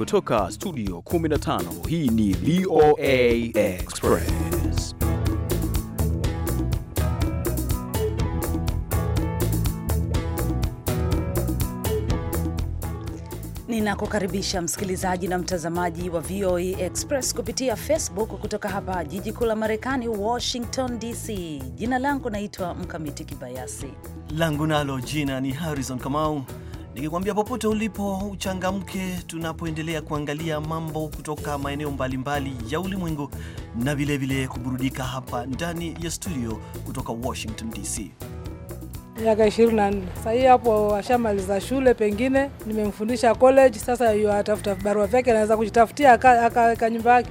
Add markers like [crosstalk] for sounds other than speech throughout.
Kutoka studio 15 hii ni VOA Express. Ninakukaribisha msikilizaji na mtazamaji wa VOA Express kupitia Facebook kutoka hapa jiji kuu la Marekani, Washington DC. Jina langu naitwa Mkamiti Kibayasi, langu nalo jina ni Harrison Kamau nikikwambia popote ulipo uchangamke, tunapoendelea kuangalia mambo kutoka maeneo mbalimbali ya ulimwengu na vilevile kuburudika hapa ndani ya studio kutoka Washington DC. Miaka 24 sasa hii, hapo ashamaliza shule, pengine nimemfundisha college, sasa yuatafuta barua vyake, anaweza kujitafutia akaweka nyumba yake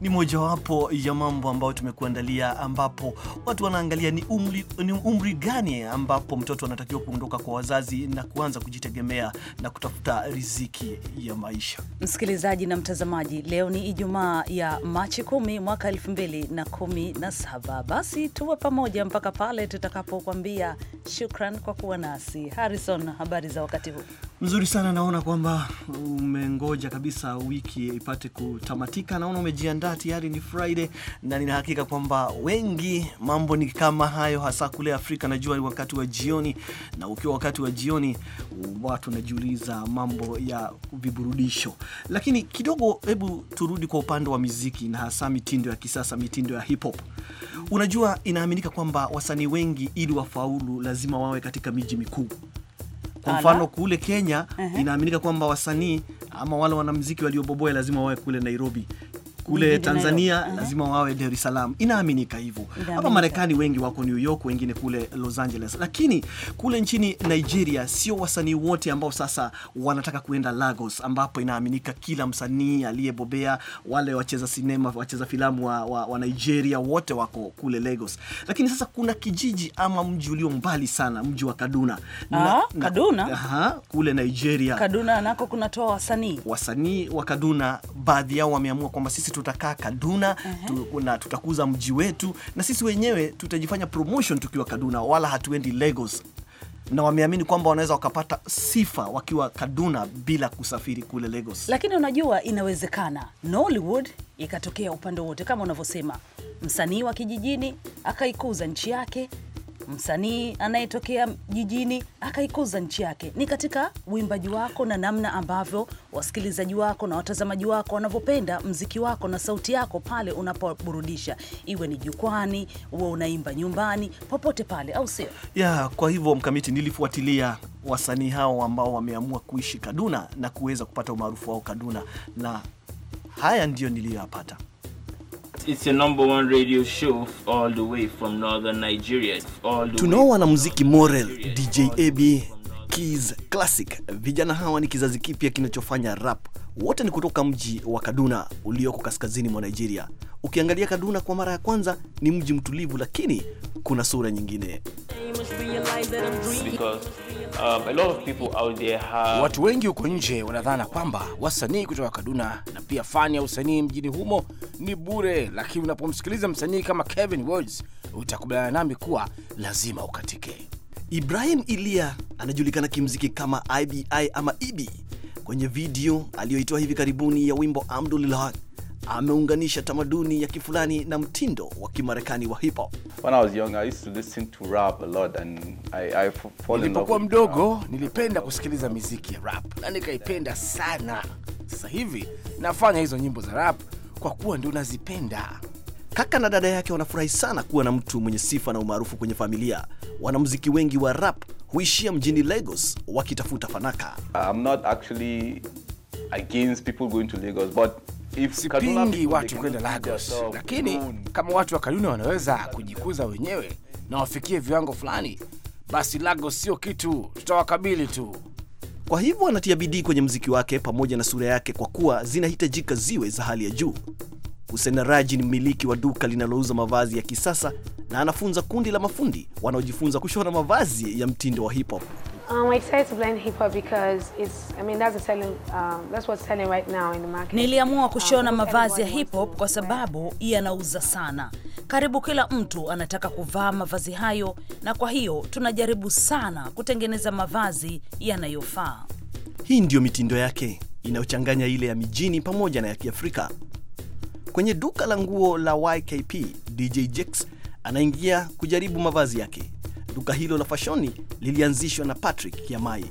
ni mojawapo ya mambo ambayo tumekuandalia, ambapo watu wanaangalia ni umri, ni umri gani ambapo mtoto anatakiwa kuondoka kwa wazazi na kuanza kujitegemea na kutafuta riziki ya maisha. Msikilizaji na mtazamaji, leo ni Ijumaa ya Machi 10 mwaka 2017. Basi tuwe pamoja mpaka pale tutakapokuambia shukran kwa kuwa nasi. Harrison, habari za wakati huu? Mzuri sana, naona kwamba umengoja kabisa wiki ipate kutamatika, naona umejiandaa Ijumaa tayari ni Friday, na nina hakika kwamba wengi mambo ni kama hayo, hasa kule Afrika. Najua wakati wa jioni, na ukiwa wakati wa jioni watu wanajiuliza mambo ya viburudisho. Lakini kidogo, hebu turudi kwa upande wa miziki na hasa mitindo ya kisasa, mitindo ya hip hop. Unajua, inaaminika kwamba wasanii wengi ili wafaulu lazima wawe katika miji mikuu. Kwa mfano kule Kenya, uh -huh. Inaaminika kwamba wasanii ama wale wanamuziki walioboboa lazima wawe kule Nairobi kule Tanzania lazima mhm. wawe Dar es Salaam, inaaminika hivyo. Hapa Marekani wengi wako New York, wengine kule Los Angeles, lakini kule nchini Nigeria sio wasanii wote ambao sasa wanataka kuenda Lagos, ambapo inaaminika kila msanii aliyebobea, wale wacheza sinema, wacheza filamu wa, wa, wa Nigeria wote wako kule Lagos. Lakini sasa kuna kijiji ama mji ulio mbali sana, mji wa Kaduna ah, na, Kaduna na, aha, kule Nigeria. Kaduna nako kunatoa wasanii, wasanii wa Kaduna baadhi yao wameamua kwamba sisi sisi tutakaa Kaduna tu, na tutakuza mji wetu, na sisi wenyewe tutajifanya promotion tukiwa Kaduna, wala hatuendi Lagos na wameamini kwamba wanaweza wakapata sifa wakiwa Kaduna bila kusafiri kule Lagos. Lakini unajua inawezekana Nollywood ikatokea upande wote, kama unavyosema, msanii wa kijijini akaikuza nchi yake msanii anayetokea jijini akaikuza nchi yake, ni katika uimbaji wako na namna ambavyo wasikilizaji wako na watazamaji wako wanavyopenda mziki wako na sauti yako pale unapoburudisha, iwe ni jukwani, uwe unaimba nyumbani, popote pale, au sio? Yeah, kwa hivyo mkamiti, nilifuatilia wasanii hao ambao wameamua kuishi Kaduna na kuweza kupata umaarufu wao Kaduna, na haya ndiyo niliyoyapata. It's your number one radio show all the way from northern Nigeria. All the Tunao wanamuziki Morel, DJ AB, Keys, Classic. Vijana hawa ni kizazi kipya kinachofanya rap. Wote ni kutoka mji wa Kaduna ulioko kaskazini mwa Nigeria. Ukiangalia Kaduna kwa mara ya kwanza ni mji mtulivu, lakini kuna sura nyingine Because Um, a lot of people out there have... watu wengi huko nje wanadhana kwamba wasanii kutoka Kaduna na pia fani ya usanii mjini humo ni bure, lakini unapomsikiliza msanii kama Kevin Words utakubaliana nami kuwa lazima ukatike. Ibrahim Ilia anajulikana kimziki kama IBI ama Ibi e kwenye video aliyoitoa hivi karibuni ya wimbo Amdulillah ameunganisha tamaduni ya kifulani na mtindo wa Kimarekani wa hip hop. Nilipokuwa mdogo nilipenda kusikiliza miziki ya rap na nikaipenda sana. Sasa hivi nafanya hizo nyimbo za rap kwa kuwa ndio nazipenda. Kaka na dada yake wanafurahi sana kuwa na mtu mwenye sifa na umaarufu kwenye familia. Wanamuziki wengi wa rap huishia mjini Lagos wakitafuta fanaka. I'm not actually against people going to Lagos, but Sipingi watu kwenda Lagos, lakini kama watu wa kaduna wanaweza kujikuza wenyewe na wafikie viwango fulani, basi Lagos sio kitu, tutawakabili tu. Kwa hivyo anatia bidii kwenye mziki wake pamoja na sura yake, kwa kuwa zinahitajika ziwe za hali ya juu. Hussein Raji ni mmiliki wa duka linalouza mavazi ya kisasa na anafunza kundi la mafundi wanaojifunza kushona mavazi ya mtindo wa hip hop. Um, um, Niliamua um, kushona mavazi ya hip hop kwa sababu yanauza sana. Karibu kila mtu anataka kuvaa mavazi hayo, na kwa hiyo tunajaribu sana kutengeneza mavazi yanayofaa. Hii ndiyo mitindo yake inayochanganya ile ya mijini pamoja na ya Kiafrika. Kwenye duka la nguo la YKP, DJ Jex anaingia kujaribu mavazi yake. Duka hilo la fashoni lilianzishwa na Patrick Kiamai.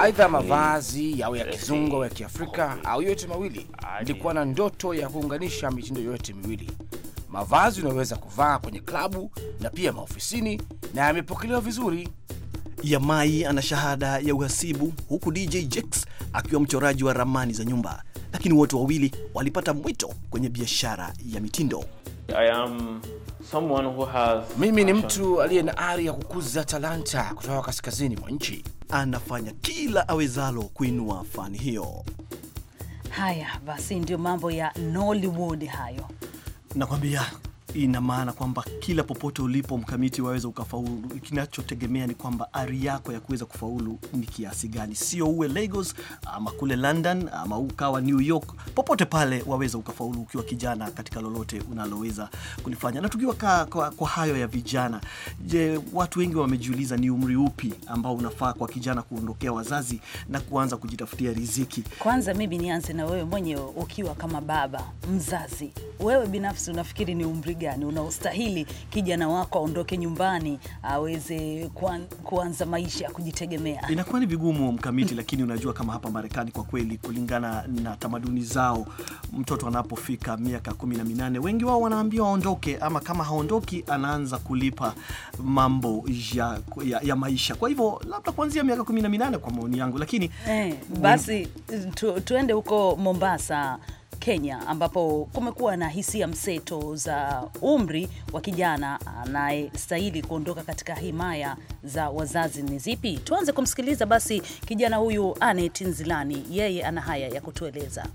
Aidha mavazi yawe ya kizungu au ya Kiafrika au yote mawili, nilikuwa na ndoto ya kuunganisha mitindo yote miwili. Mavazi unayoweza kuvaa kwenye klabu na pia maofisini, na yamepokelewa vizuri. Yamai ana shahada ya uhasibu, huku DJ Jex akiwa mchoraji wa ramani za nyumba, lakini wote wawili walipata mwito kwenye biashara ya mitindo. I am someone who has mimi ni mtu aliye na ari ya kukuza talanta kutoka kaskazini mwa nchi. Anafanya kila awezalo kuinua fani hiyo. Haya basi, ndio mambo ya Nollywood hayo, nakwambia ina maana kwamba kila popote ulipo mkamiti, waweza ukafaulu. Kinachotegemea ni kwamba ari yako ya kuweza kufaulu ni kiasi gani, sio uwe Lagos ama kule London ama ukawa New York. Popote pale waweza ukafaulu ukiwa kijana katika lolote unaloweza kulifanya. Na tukiwa kwa, kwa, kwa hayo ya vijana, je, watu wengi wamejiuliza ni umri upi ambao unafaa kwa kijana kuondokea wazazi na kuanza kujitafutia riziki? Kwanza mimi nianze na wewe mwenyewe, ukiwa kama baba mzazi, wewe binafsi unafikiri ni umri gani unaostahili kijana wako aondoke nyumbani aweze kuan, kuanza maisha ya kujitegemea. Inakuwa ni vigumu mkamiti, lakini unajua kama hapa Marekani kwa kweli, kulingana na tamaduni zao, mtoto anapofika miaka kumi na minane wengi wao wanaambiwa aondoke, ama kama haondoki anaanza kulipa mambo ya, ya, ya maisha. Kwa hivyo labda kuanzia miaka kumi na minane kwa maoni yangu, lakini eh, basi tu, tuende huko Mombasa. Kenya ambapo kumekuwa na hisia mseto za umri wa kijana anayestahili kuondoka katika himaya za wazazi ni zipi. Tuanze kumsikiliza basi kijana huyu Anet Nzilani, yeye ana haya ya kutueleza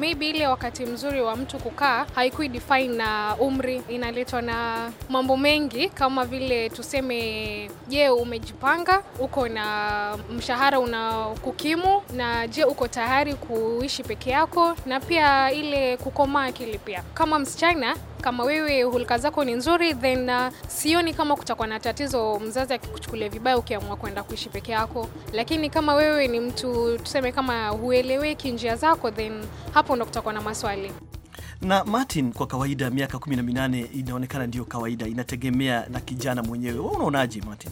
maybe ile wakati mzuri wa mtu kukaa haikui define na umri, inaletwa na mambo mengi kama vile tuseme, je, umejipanga? Uko na mshahara unakukimu? Na je, uko tayari kuishi peke yako? Na pia ile kukomaa akili pia, kama msichana kama wewe hulka zako ni nzuri, then uh, sioni kama kutakuwa na tatizo mzazi akikuchukulia vibaya ukiamua kwenda kuishi peke yako. Lakini kama wewe ni mtu tuseme, kama hueleweki njia zako, then hapo ndo kutakuwa na maswali na Martin, kwa kawaida miaka kumi na minane inaonekana ndiyo kawaida, inategemea na kijana mwenyewe. Wewe unaonaje Martin?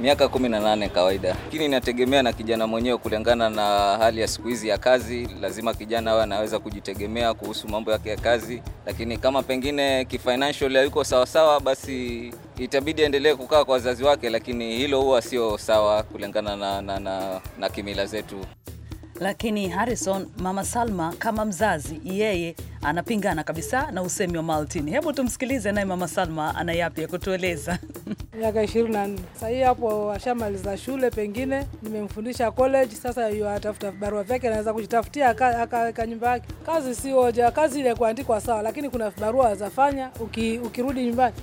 Miaka 18 kawaida, lakini inategemea na kijana mwenyewe, kulingana na hali ya siku hizi ya kazi. Lazima kijana awe anaweza kujitegemea kuhusu mambo yake ya kazi, lakini kama pengine kifinancial hayuko sawasawa, basi itabidi aendelee kukaa kwa wazazi wake, lakini hilo huwa sio sawa kulingana na, na, na, na kimila zetu. Lakini Harrison, mama Salma kama mzazi, yeye anapingana kabisa na usemi wa Maltin. Hebu tumsikilize naye mama Salma ana yapi ya kutueleza. [laughs] miaka ishirini na nne sahii, hapo ashamaliza shule, pengine nimemfundisha college. Sasa atafuta vibarua vyake, anaweza kujitafutia akaweka nyumba yake. Kazi si hoja, kazi ile kuandikwa sawa, lakini kuna vibarua wazafanya uki, ukirudi nyumbani.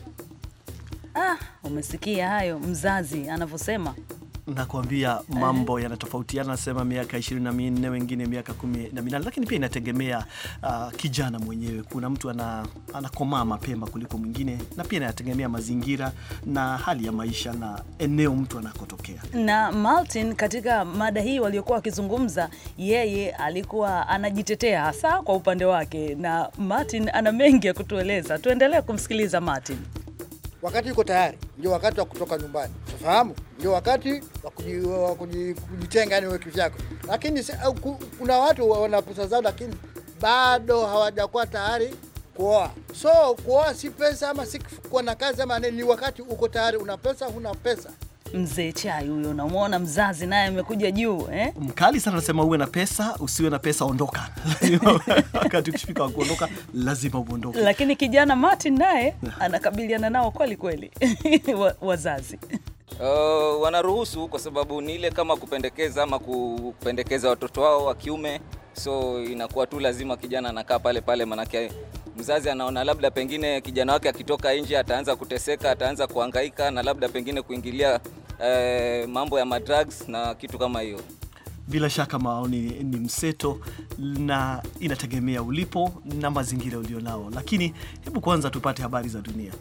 Ah, umesikia hayo mzazi anavyosema nakuambia mambo yanatofautiana, nasema miaka ishirini na minne wengine miaka kumi na minane lakini pia inategemea uh, kijana mwenyewe. Kuna mtu ana, anakomaa mapema kuliko mwingine, na pia inategemea mazingira na hali ya maisha na eneo mtu anakotokea. Na Martin, katika mada hii waliokuwa wakizungumza, yeye alikuwa anajitetea hasa kwa upande wake, na Martin ana mengi ya kutueleza. Tuendelee kumsikiliza Martin wakati yuko tayari, ndio wakati wa kutoka nyumbani, unafahamu, ndio wakati wa kujitenga, yani wewe vyako. Lakini kuna watu wana pesa zao, lakini bado hawajakuwa tayari kuoa. So kuoa si pesa ama si kuwa na kazi ama ni wakati uko tayari, una pesa, huna pesa mzee chai huyo, unamwona mzazi naye amekuja juu eh? Mkali sana anasema uwe na pesa, usiwe na pesa, ondoka [laughs] wakati ukishafika kuondoka lazima uondoke. Lakini kijana Martin naye anakabiliana nao kweli kweli [laughs] wazazi Uh, wanaruhusu kwa sababu ni ile kama kupendekeza ama kupendekeza watoto wao wa kiume, so inakuwa tu lazima kijana anakaa pale pale, manake mzazi anaona labda pengine kijana wake akitoka nje ataanza kuteseka, ataanza kuangaika na labda pengine kuingilia eh, mambo ya madrugs na kitu kama hiyo. Bila shaka maoni ni mseto na inategemea ulipo na mazingira ulionao, lakini hebu kwanza tupate habari za dunia.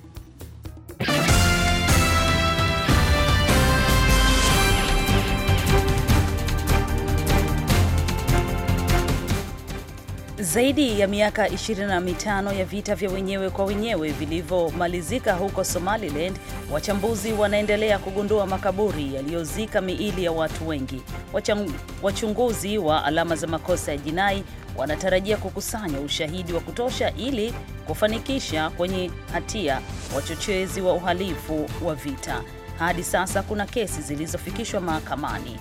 Zaidi ya miaka 25 ya vita vya wenyewe kwa wenyewe vilivyomalizika huko Somaliland, wachambuzi wanaendelea kugundua makaburi yaliyozika miili ya watu wengi. Wachang, wachunguzi wa alama za makosa ya jinai wanatarajia kukusanya ushahidi wa kutosha ili kufanikisha kwenye hatia wachochezi wa uhalifu wa vita. Hadi sasa kuna kesi zilizofikishwa mahakamani.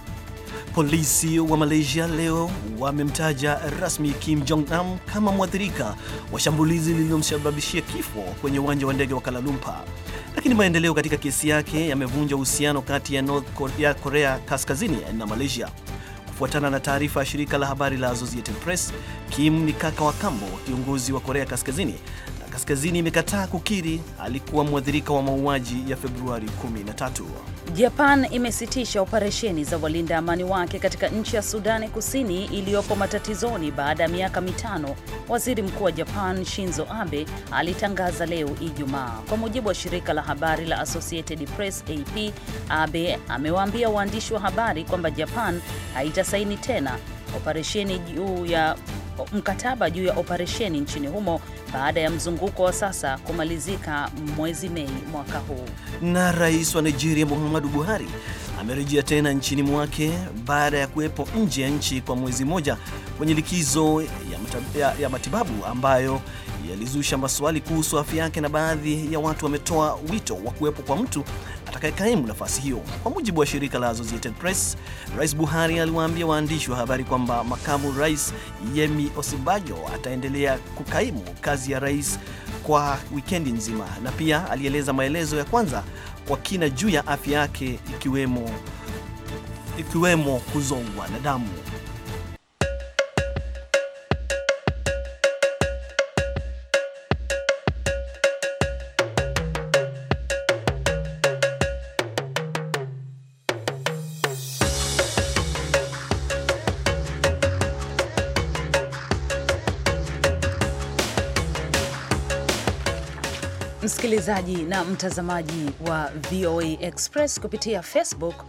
Polisi wa Malaysia leo wamemtaja rasmi Kim Jong Nam kama mwathirika wa shambulizi lililomsababishia kifo kwenye uwanja wa ndege wa Kuala Lumpur, lakini maendeleo katika kesi yake yamevunja uhusiano kati ya North Korea, Korea Kaskazini na Malaysia. Kufuatana na taarifa ya shirika la habari la Associated Press, Kim ni kaka wa kambo wa kiongozi wa Korea Kaskazini Kaskazini imekataa kukiri alikuwa mwathirika wa mauaji ya Februari 13. Japan imesitisha operesheni za walinda amani wake katika nchi ya Sudani Kusini iliyopo matatizoni baada ya miaka mitano, waziri mkuu wa Japan Shinzo Abe alitangaza leo Ijumaa, kwa mujibu wa shirika la habari la Associated Press AP. Abe amewaambia waandishi wa habari kwamba Japan haitasaini tena operesheni juu ya mkataba juu ya operesheni nchini humo baada ya mzunguko wa sasa kumalizika mwezi Mei mwaka huu. Na rais wa Nigeria Muhammadu Buhari amerejea tena nchini mwake baada ya kuwepo nje ya nchi kwa mwezi mmoja kwenye likizo ya, ya matibabu ambayo yalizusha maswali kuhusu afya yake na baadhi ya watu wametoa wito wa kuwepo kwa mtu atakayekaimu nafasi hiyo. Kwa mujibu wa shirika la Associated Press, Rais Buhari aliwaambia waandishi wa habari kwamba makamu rais Yemi Osinbajo ataendelea kukaimu kazi ya rais kwa wikendi nzima, na pia alieleza maelezo ya kwanza kwa kina juu ya afya yake ikiwemo, ikiwemo kuzongwa na damu. msikilizaji na mtazamaji wa VOA Express kupitia Facebook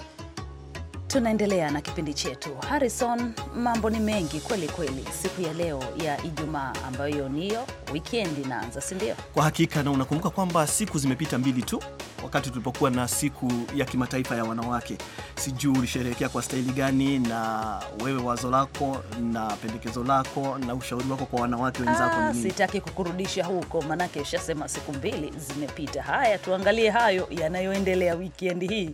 Tunaendelea na kipindi chetu. Harrison, mambo ni mengi kweli kweli siku ya leo ya Ijumaa ambayo niyo wikendi inaanza, si ndio? Kwa hakika, na unakumbuka kwamba siku zimepita mbili tu wakati tulipokuwa na siku ya kimataifa ya wanawake. Sijui ulisherehekea kwa staili gani, na wewe wazo lako na pendekezo lako na ushauri wako kwa wanawake wenzako ah, nini? Sitaki kukurudisha huko, manake ushasema siku mbili zimepita. Haya, tuangalie hayo yanayoendelea wikendi hii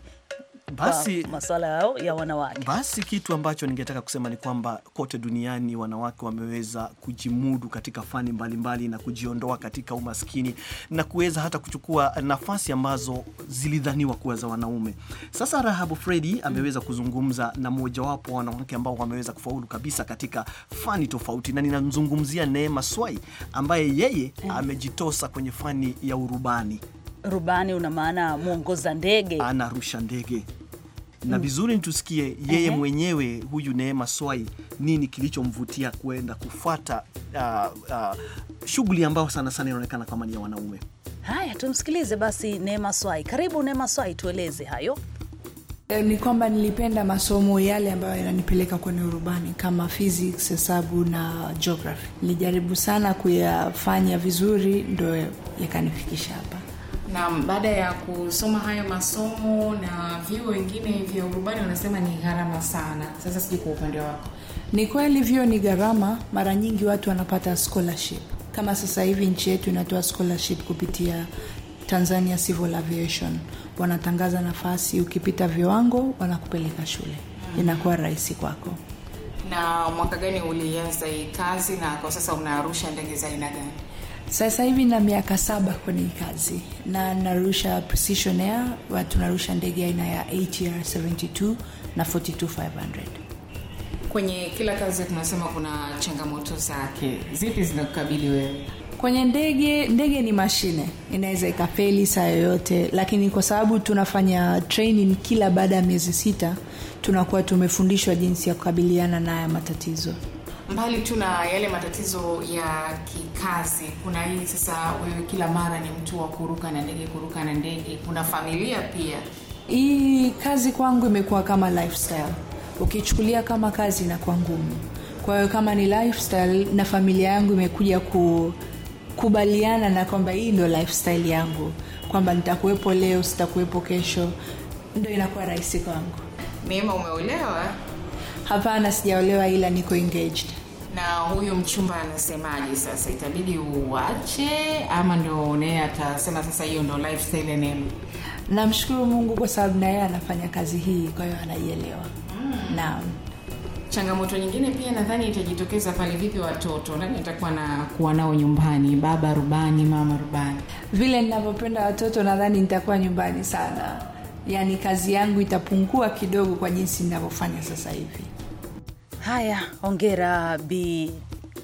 basi masuala yao ya wanawake. Basi kitu ambacho ningetaka kusema ni kwamba kote duniani wanawake wameweza kujimudu katika fani mbalimbali mbali na kujiondoa katika umaskini na kuweza hata kuchukua nafasi ambazo zilidhaniwa kuwa za wanaume. Sasa Rahabu Fredi ameweza kuzungumza na mmojawapo wa wanawake ambao wameweza kufaulu kabisa katika fani tofauti, na ninamzungumzia Neema Swai ambaye yeye mm. amejitosa kwenye fani ya urubani. Rubani una maana mwongoza ndege, anarusha ndege na vizuri mm. Nitusikie yeye uh -huh. mwenyewe huyu Neema Swai, nini kilichomvutia kwenda kufuata uh, uh, shughuli ambayo sana sana inaonekana kama ni ya wanaume. Haya, tumsikilize basi Neema Swai. Karibu Neema Swai, tueleze hayo. Eh, ni kwamba nilipenda masomo yale ambayo yananipeleka kwenye urubani kama physics, hesabu na geography. Nilijaribu sana kuyafanya vizuri, ndo yakanifikisha hapa na baada ya kusoma hayo masomo na vyuo wengine vya urubani wanasema ni gharama sana. Sasa sijui kwa upande wako. Ni kweli vyo ni gharama, mara nyingi watu wanapata scholarship. Kama sasa hivi nchi yetu inatoa scholarship kupitia Tanzania Civil Aviation, wanatangaza nafasi, ukipita viwango wanakupeleka shule, inakuwa rahisi kwako. Na mwaka gani ulianza hii kazi, na kwa sasa unaarusha ndege za aina gani? sasa hivi na miaka saba kwenye kazi na narusha tunarusha ndege aina ya atr 72 na 42500 kwenye kila kazi tunasema kuna changamoto zake zipi zinakukabili wewe kwenye ndege ndege ni mashine inaweza ikafeli saa yoyote lakini kwa sababu tunafanya training kila baada ya miezi sita tunakuwa tumefundishwa jinsi ya kukabiliana na haya matatizo mbali tu na yale matatizo ya kikazi, kuna hii sasa, wewe kila mara ni mtu wa kuruka na ndege, kuruka na ndege, kuna familia pia. Hii kazi kwangu imekuwa kama lifestyle. Ukichukulia kama kazi inakuwa ngumu, kwa hiyo kama ni lifestyle, na familia yangu imekuja kukubaliana na kwamba hii ndio lifestyle yangu, kwamba nitakuwepo leo, sitakuwepo kesho, ndio inakuwa rahisi kwangu. mema umeolewa? Hapana, sijaolewa ila niko engaged. Na huyo mchumba anasemaje sasa? Itabidi uache ama ndio naye atasema sasa hiyo ndio lifestyle yenyewe? Namshukuru Mungu kwa sababu naye anafanya kazi hii, kwa hiyo anaielewa. Mm. Naam. Changamoto nyingine pia nadhani itajitokeza pale, vipi watoto, nani atakuwa na kuwa nao nyumbani? Baba rubani, mama rubani? Vile ninavyopenda watoto, nadhani nitakuwa nyumbani sana, yaani kazi yangu itapungua kidogo kwa jinsi ninavyofanya sasa hivi. Haya, ongera bi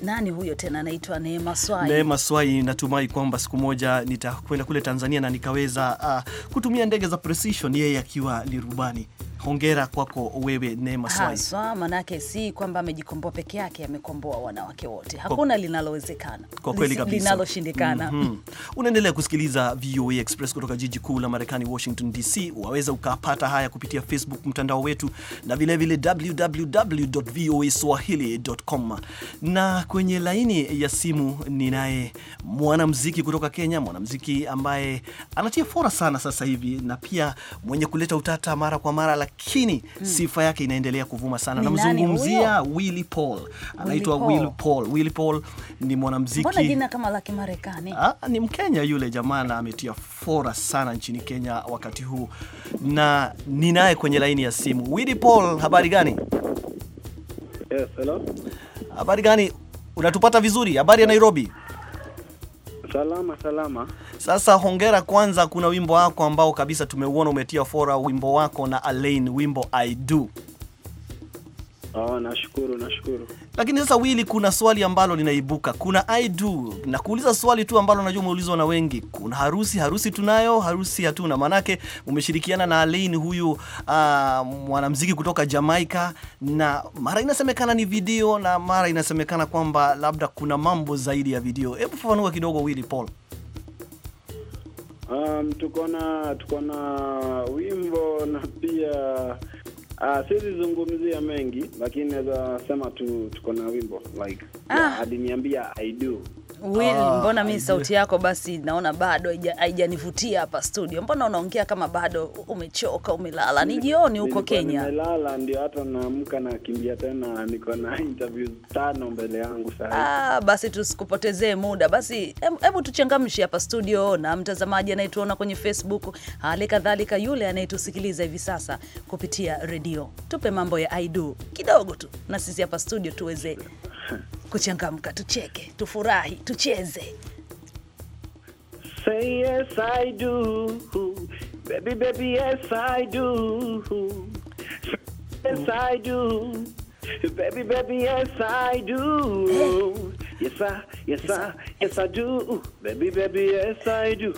nani huyo tena anaitwa Neema Swai. Neema Swai, natumai kwamba siku moja nitakwenda kule Tanzania na nikaweza uh, kutumia ndege za Precision, yeye akiwa ni rubani hongera kwako wewe Neema Swai. Manake si kwamba amejikomboa peke yake, amekomboa wanawake wote. Hakuna linalowezekana kwa kweli kabisa, linaloshindikana. mm -hmm. Unaendelea kusikiliza VOA Express kutoka jiji kuu la Marekani, Washington DC. Waweza ukapata haya kupitia Facebook, mtandao wetu na vilevile www voa www.voaswahili.com. Na kwenye laini ya simu ninaye mwanamziki kutoka Kenya, mwanamziki ambaye anatia fora sana sasa hivi na pia mwenye kuleta utata mara kwa mara lakini mm. sifa yake inaendelea kuvuma sana. Namzungumzia Willy Paul, anaitwa Willy Paul. Willy Paul ni mwanamuziki, kama la Kimarekani? Ah, ni Mkenya yule jamaa, na ametia fora sana nchini Kenya wakati huu, na ninaye kwenye laini ya simu. Willy Paul, habari gani? Yes, hello. Habari gani? Unatupata vizuri? Habari ya Nairobi? Salama salama. Sasa hongera kwanza, kuna wimbo wako ambao kabisa tumeuona umetia fora, wimbo wako na Alain, wimbo I Do Oh, nashukuru nashukuru. Lakini sasa Wili, kuna swali ambalo linaibuka, kuna I do na kuuliza swali tu ambalo najua umeulizwa na wengi. Kuna harusi, harusi tunayo, harusi hatuna. Maanake umeshirikiana na Alain huyu uh, ah, mwanamuziki kutoka Jamaica, na mara inasemekana ni video na mara inasemekana kwamba labda kuna mambo zaidi ya video. Hebu fafanua kidogo Willy Paul. Um, tuko na wimbo na pia Uh, siwezi zungumzia mengi lakini naweza sema tu tuko na wimbo like ah. Yeah, aliniambia I do Will, ah, mbona mimi sauti yako basi naona bado haijanivutia hapa studio. Mbona unaongea kama bado umechoka, umelala? Ni jioni huko Kenya. Nimelala ndio hata naamka na kimbia tena, niko na interview tano mbele yangu sasa. Ah, basi tusikupotezee muda. Basi hebu tuchangamshe hapa studio na mtazamaji anayetuona kwenye Facebook, hali kadhalika yule anayetusikiliza hivi sasa kupitia radio hiyo, tupe mambo ya aidu kidogo tu, na sisi hapa studio tuweze kuchangamka, tucheke, tufurahi, tucheze. Say yes I do. Baby, baby, yes I do. Yes I do. Baby, baby, yes I do. Yes I, yes I, yes I do. Baby, baby, yes I do.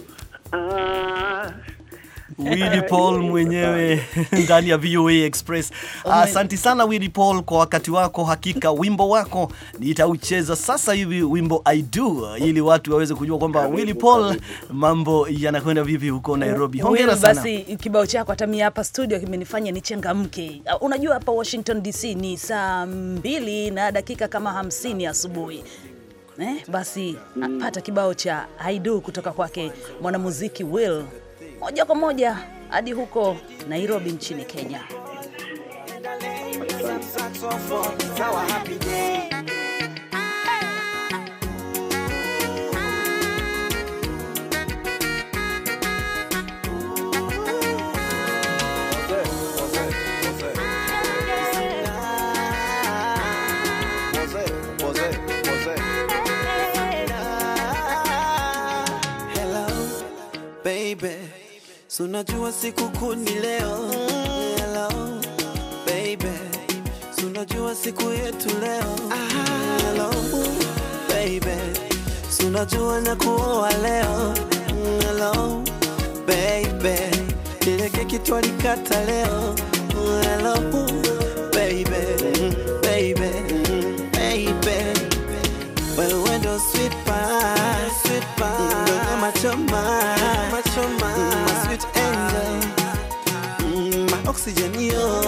Ah. Willy Paul mwenyewe [laughs] ndani ya VOA Express. Oh, ah, Asanti sana Willy Paul kwa wakati wako, hakika wimbo wako nitaucheza sasa hivi wimbo I do, ili watu waweze kujua kwamba Willy Paul mambo yanakwenda vipi huko Nairobi. Hongera sana. Basi kibao chako hata mimi hapa studio kimenifanya nichangamke. Ah, unajua hapa Washington DC ni saa mbili na dakika kama hamsini asubuhi. Eh, basi mm. pata kibao cha I do kutoka kwake mwanamuziki Will moja kwa moja hadi huko Nairobi nchini Kenya. Sunajua siku kuni leo Hello baby, sunajua siku yetu leo Hello baby, sunajua na kuoa leo Hello baby, ile keki twalikata leo الجميع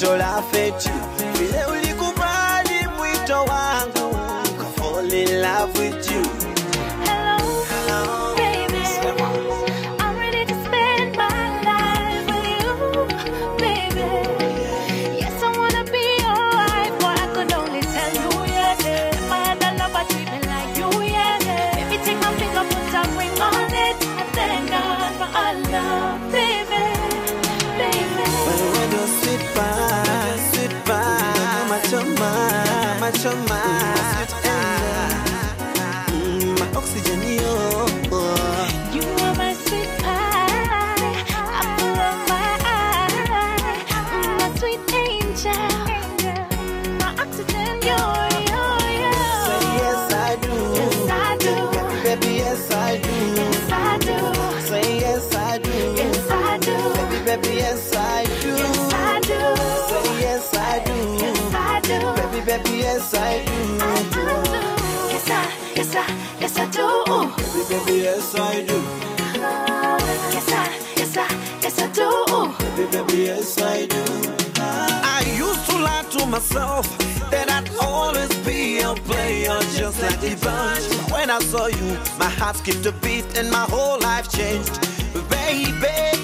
pito la feti, vile ulikubali mwito wangu, I fall in love with you baby, yes I do. I do. Yes I, yes I, yes I do. Baby, baby, yes I do. Yes I, yes I, yes I do. Baby, baby, yes I do. I used to lie to myself that I'd always be a player, just like the bunch. When I saw you, my heart skipped a beat and my whole life changed, baby.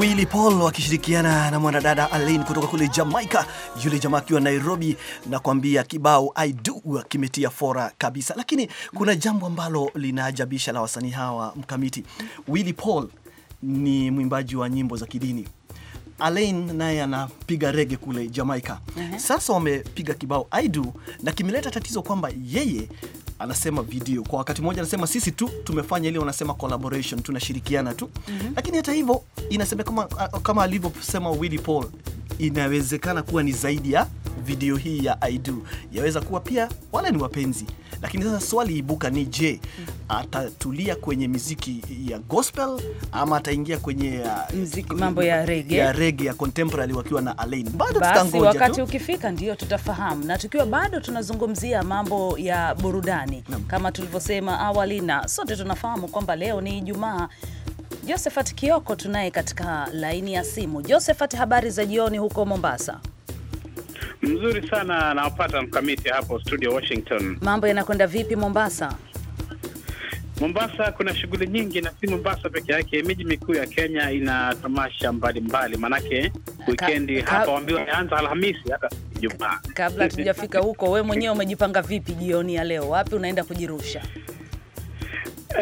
Willy Paul wakishirikiana na mwanadada Alain kutoka kule Jamaica, yule jamaa akiwa Nairobi, na kuambia kibao I do kimetia fora kabisa. Lakini kuna jambo ambalo linaajabisha la wasanii hawa mkamiti. Willy Paul ni mwimbaji wa nyimbo za kidini, Alain naye anapiga rege kule Jamaica. Sasa wamepiga kibao I do na kimeleta tatizo kwamba yeye anasema video kwa wakati mmoja, anasema sisi tu tumefanya ile wanasema collaboration, tunashirikiana tu mm -hmm. Lakini hata hivyo inasema kama, kama alivyosema Willy Paul, inawezekana kuwa ni zaidi ya video hii ya I do, yaweza kuwa pia wale ni wapenzi lakini sasa swali ibuka ni je, atatulia kwenye miziki ya gospel ama ataingia kwenye uh, mziki, mambo ya rege ya rege ya contemporary wakiwa na Alain? Bado tutangoja wakati tu ukifika, ndio tutafahamu. Na tukiwa bado tunazungumzia mambo ya burudani na, kama tulivyosema awali, na sote tunafahamu kwamba leo ni Ijumaa. Josephat Kioko tunaye katika laini ya simu. Josephat, habari za jioni huko Mombasa? Mzuri sana nawapata mkamiti hapo studio Washington. Mambo yanakwenda vipi Mombasa? Mombasa kuna shughuli nyingi, na si Mombasa peke yake. Miji mikuu ya Kenya ina tamasha mbalimbali, maanake wikendi hapa wambiwa anza Alhamisi hata Ijumaa. Kabla [laughs] tujafika huko, we mwenyewe umejipanga vipi jioni ya leo? Wapi unaenda kujirusha?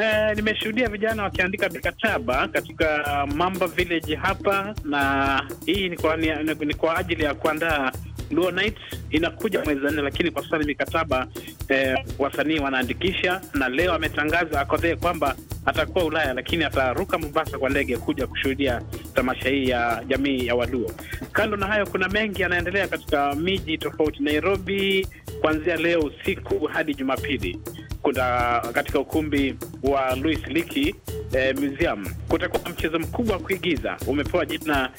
Eh, nimeshuhudia vijana wakiandika mikataba katika Mamba Village hapa, na hii ni kwa, ni, ni kwa ajili ya kuandaa Duo Night inakuja mwezi nne, lakini kwa sasa ni mikataba eh, wasanii wanaandikisha, na leo ametangaza Akothee kwamba atakuwa Ulaya, lakini ataruka Mombasa kwa ndege kuja kushuhudia tamasha hii ya jamii ya Waluo. Kando na hayo, kuna mengi yanaendelea katika miji tofauti Nairobi, kuanzia leo usiku hadi Jumapili kuna katika ukumbi wa Louis Leakey eh, Museum kutakuwa mchezo mkubwa wa kuigiza umepewa jina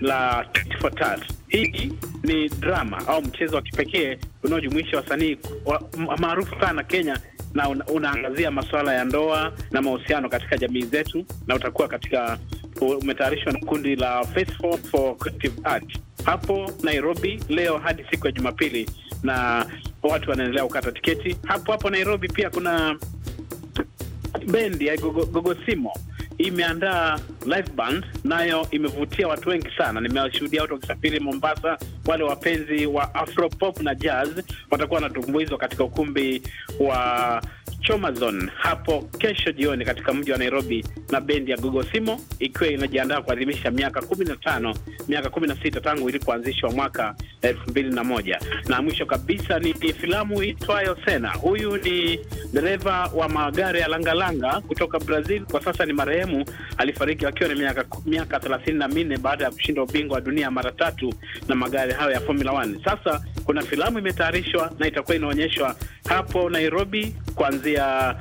la Tit for Tat. Hii ni drama au mchezo wa kipekee unaojumuisha wasanii maarufu sana Kenya na una, unaangazia masuala ya ndoa na mahusiano katika jamii zetu, na utakuwa katika umetayarishwa na kundi la for Creative Art hapo Nairobi leo hadi siku ya Jumapili na watu wanaendelea kukata tiketi. Hapo hapo Nairobi pia kuna bendi ya Gogosimo imeandaa live band, nayo imevutia watu wengi sana. Nimewashuhudia watu wakisafiri Mombasa. Wale wapenzi wa afropop na jazz watakuwa wanatumbuizwa katika ukumbi wa Chomazon hapo kesho jioni katika mji wa Nairobi na bendi ya Gogosimo ikiwa inajiandaa kuadhimisha miaka kumi na tano miaka kumi na sita tangu ilipoanzishwa mwaka elfu mbili na moja na mwisho kabisa ni filamu itwayo Sena. Huyu ni dereva wa magari ya langalanga kutoka Brazil, kwa sasa ni marehemu. Alifariki akiwa na miaka miaka thelathini na minne baada ya kushinda ubingwa wa dunia mara tatu na magari hayo ya Formula One. Sasa kuna filamu imetayarishwa na itakuwa inaonyeshwa hapo Nairobi kuanzia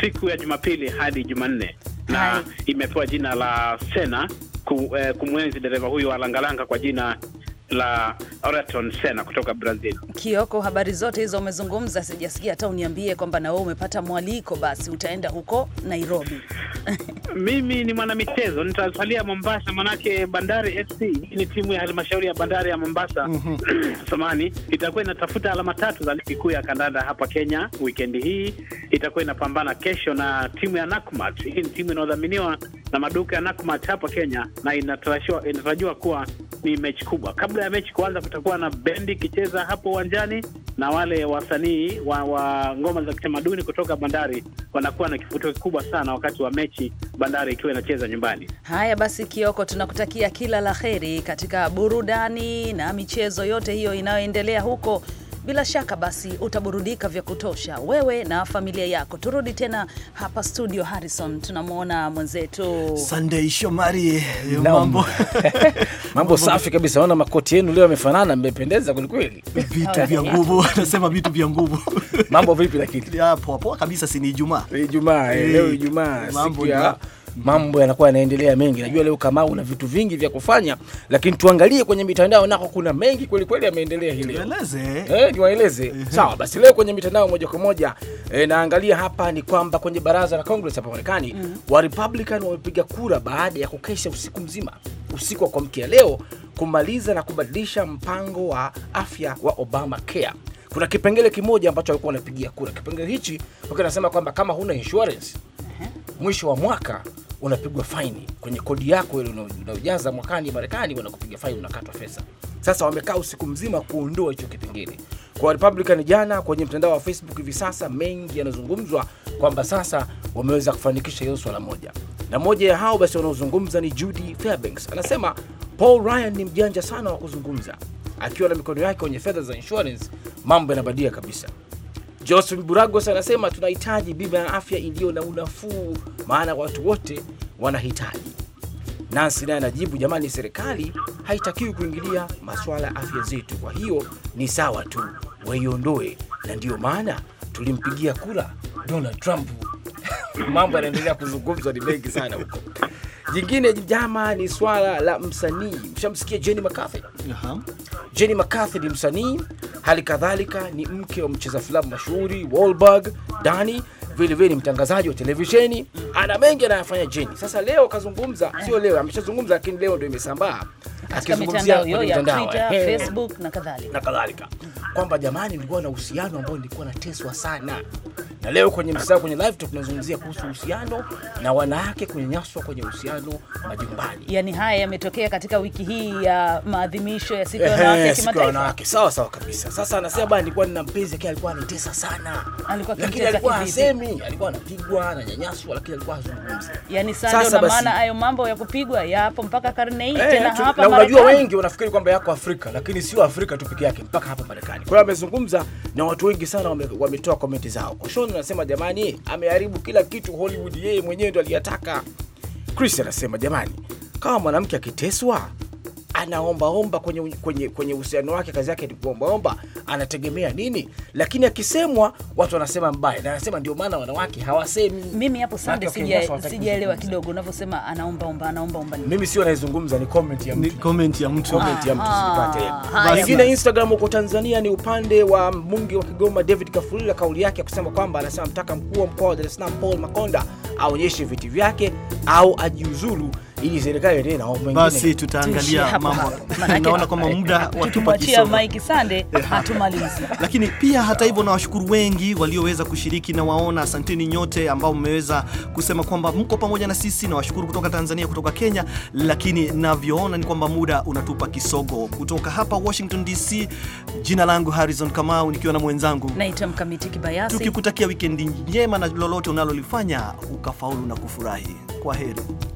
siku ya Jumapili hadi Jumanne na imepewa jina la Sena eh, kumwenzi dereva huyu wa langalanga kwa jina la, Oraton Sena kutoka Brazil. Kioko, habari zote hizo umezungumza, sijasikia hata uniambie kwamba na wewe umepata mwaliko, basi utaenda huko Nairobi. [laughs] Mimi ni mwanamichezo, nitasalia Mombasa, manake Bandari FC ni timu ya halmashauri ya bandari ya Mombasa mm -hmm. Samani itakuwa inatafuta alama tatu za ligi kuu ya kandanda hapa Kenya. Wikendi hii itakuwa inapambana kesho na timu ya Nakumat. Hii ni timu inayodhaminiwa na maduka ya Nakumat hapa Kenya na inatarajiwa kuwa ni mechi kubwa kabla ya mechi kuanza watakuwa na bendi ikicheza hapo uwanjani, na wale wasanii wa, wa ngoma za kitamaduni kutoka Bandari wanakuwa na kifutio kikubwa sana wakati wa mechi Bandari ikiwa inacheza nyumbani. Haya basi, Kioko, tunakutakia kila la heri katika burudani na michezo yote hiyo inayoendelea huko bila shaka basi utaburudika vya kutosha wewe na familia yako. Turudi tena hapa studio, Harrison, tunamwona mwenzetu Sunday Shomari. Mambo [laughs] mambo safi kabisa, naona makoti yenu leo yamefanana, mmependeza kwelikweli. Vitu vya nguvu, anasema vitu vya nguvu. Mambo vipi? Lakini hapo hapo kabisa, si ni Ijumaa? Ijumaa eh, leo, eh, Ijumaa siku ya mambo yanakuwa yanaendelea mengi. Najua leo kama una vitu vingi vya kufanya, lakini tuangalie kwenye mitandao nako kuna mengi kweli kweli yameendelea hili Eh, niwaeleze. Sawa, basi leo kwenye mitandao moja kwa moja e, naangalia hapa ni kwamba kwenye baraza la Congress hapa Marekani mm -hmm. wa Republican wamepiga kura baada ya kukesha usiku mzima usiku wa kuamkia leo kumaliza na kubadilisha mpango wa afya wa Obama Care. Kuna kipengele kimoja ambacho walikuwa wanapigia kura. Kipengele hichi wakiwa nasema kwamba kama huna insurance mwisho wa mwaka unapigwa faini kwenye kodi yako ile unaojaza mwakani Marekani, wanakupiga faini, unakatwa pesa. Sasa wamekaa usiku mzima kuondoa hicho kipengele kwa Republican. Jana kwenye mtandao wa Facebook, hivi sasa mengi yanazungumzwa kwamba sasa wameweza kufanikisha hilo swala moja, na moja ya hao basi wanaozungumza ni Judy Fairbanks. Anasema Paul Ryan ni mjanja sana wa kuzungumza, akiwa na mikono yake kwenye fedha za insurance, mambo yanabadilika kabisa. Joseph Buragos anasema tunahitaji bima ya afya iliyo na unafuu, maana watu wote wanahitaji. Nansi naye anajibu, jamani, serikali haitakiwi kuingilia masuala ya afya zetu, kwa hiyo ni sawa tu waiondoe, na ndiyo maana tulimpigia kura Donald Trump. [laughs] Mambo yanaendelea kuzungumzwa, ni mengi sana huko. Jingine jama ni swala la msanii. Mshamsikia Jenny McCarthy? Aha. Jenny McCarthy ni msanii, hali kadhalika ni mke wa mcheza filamu mashuhuri Wahlberg Dani, vile vile ni mtangazaji wa televisheni. Ana mengi anayofanya Jenny. Sasa leo kazungumza, sio leo, ameshazungumza lakini leo ndio imesambaa akizungumzia kwenye mitandao ya Facebook na kadhalika na kadhalika, kwamba jamani, nilikuwa na uhusiano ambao nilikuwa nateswa sana na leo kwenye msao kwenye live talk tunazungumzia kuhusu uhusiano na wanawake kunyanyaswa kwenye uhusiano majumbani. Yani haya yametokea katika wiki hii ya maadhimisho ya siku ya wanawake ya kimataifa. Sawa sawa kabisa. Sasa anasema bwana, nilikuwa nina mpenzi yake, alikuwa anitesa sana, alikuwa lakini alikuwa hasemi, alikuwa anapigwa, na nyanyaswa, lakini alikuwa hazungumzi. Yani sasa ndio maana hayo mambo ya kupigwa yapo mpaka karne hii eh, tena hapa Marekani. Unajua wengi wanafikiri kwamba yako Afrika, lakini sio Afrika tu peke yake, mpaka hapa Marekani. Kwa hiyo amezungumza na watu wengi sana, wametoa komenti zao. Oshon anasema jamani, ameharibu kila kitu Hollywood, yeye mwenyewe ndo aliyataka. Chris anasema jamani, kama mwanamke akiteswa anaombaomba kwenye kwenye kwenye uhusiano wake, kazi yake ni kuombaomba, anategemea nini? Lakini akisemwa watu wanasema mbaya, na anasema ndio maana wanawake hawasemi. Mimi hapo Sande sijaelewa kidogo unavyosema anaombaomba, anaombaomba. Mimi sio naizungumza, ni comment ya mtu, ni comment ya mtu, comment ya mtu ah, sipate. Nyingine Instagram huko Tanzania ni upande wa mbunge wa Kigoma David Kafulila, kauli yake ya kusema kwamba anasema mtaka mkuu wa mkoa wa Dar es Salaam Paul Makonda aonyeshe viti vyake au ajiuzulu ili serikali tena au mwingine. Basi tutaangalia mambo. Naona kwamba eh, muda watupatia Mike Sande eh, hatumalizi. Lakini pia hata hivyo, na washukuru wengi walioweza kushiriki na waona, asanteni nyote ambao mmeweza kusema kwamba mko pamoja na sisi, na washukuru kutoka Tanzania, kutoka Kenya, lakini navyoona ni kwamba muda unatupa kisogo. Kutoka hapa Washington DC, jina langu Harrison Kamau nikiwa na mwenzangu naitwa Mkamiti Kibayasi, tukikutakia wikendi njema na lolote unalolifanya ukafaulu na kufurahi. Kwa heri.